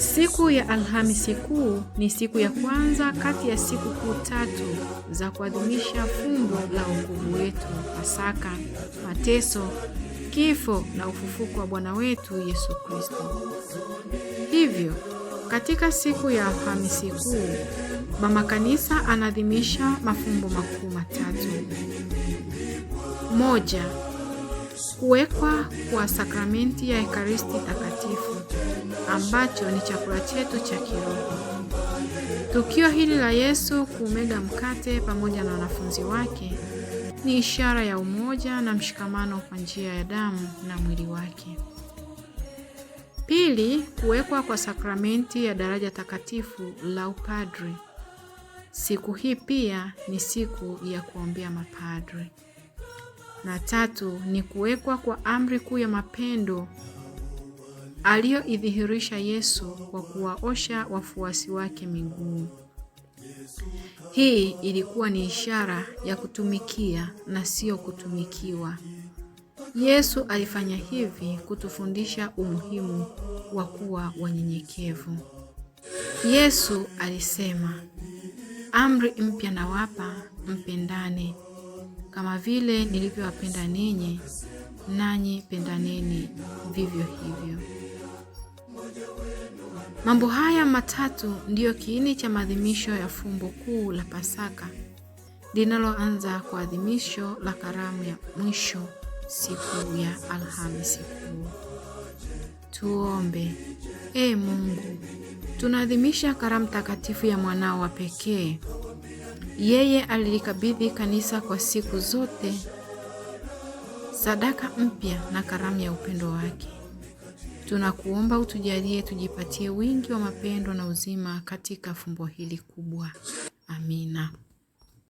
Siku ya Alhamisi Kuu ni siku ya kwanza kati ya siku kuu tatu za kuadhimisha fumbo la wokovu wetu, Pasaka, mateso, kifo na ufufuko wa Bwana wetu Yesu Kristo. Hivyo, katika siku ya Alhamisi Kuu, Mama Kanisa anaadhimisha mafumbo makuu matatu. Moja, kuwekwa kwa sakramenti ya Ekaristi Takatifu ambacho ni chakula chetu cha kiroho. Tukio hili la Yesu kuumega mkate pamoja na wanafunzi wake ni ishara ya umoja na mshikamano kwa njia ya damu na mwili wake. Pili, kuwekwa kwa sakramenti ya daraja takatifu la upadri. Siku hii pia ni siku ya kuombea mapadri. Na tatu, ni kuwekwa kwa amri kuu ya mapendo aliyoidhihirisha Yesu kwa kuwaosha wafuasi wake miguu. Hii ilikuwa ni ishara ya kutumikia na sio kutumikiwa. Yesu alifanya hivi kutufundisha umuhimu wa kuwa wanyenyekevu. Yesu alisema, amri mpya nawapa, mpendane kama vile nilivyowapenda ninyi, nanyi pendaneni vivyo hivyo. Mambo haya matatu ndiyo kiini cha maadhimisho ya fumbo kuu la Pasaka linaloanza kwa adhimisho la karamu ya mwisho siku ya Alhamisi Kuu. Tuombe. e Mungu, tunaadhimisha karamu takatifu ya mwanao wa pekee. Yeye alilikabidhi kanisa kwa siku zote sadaka mpya na karamu ya upendo wake. Tunakuomba utujalie tujipatie wingi wa mapendo na uzima katika fumbo hili kubwa. Amina.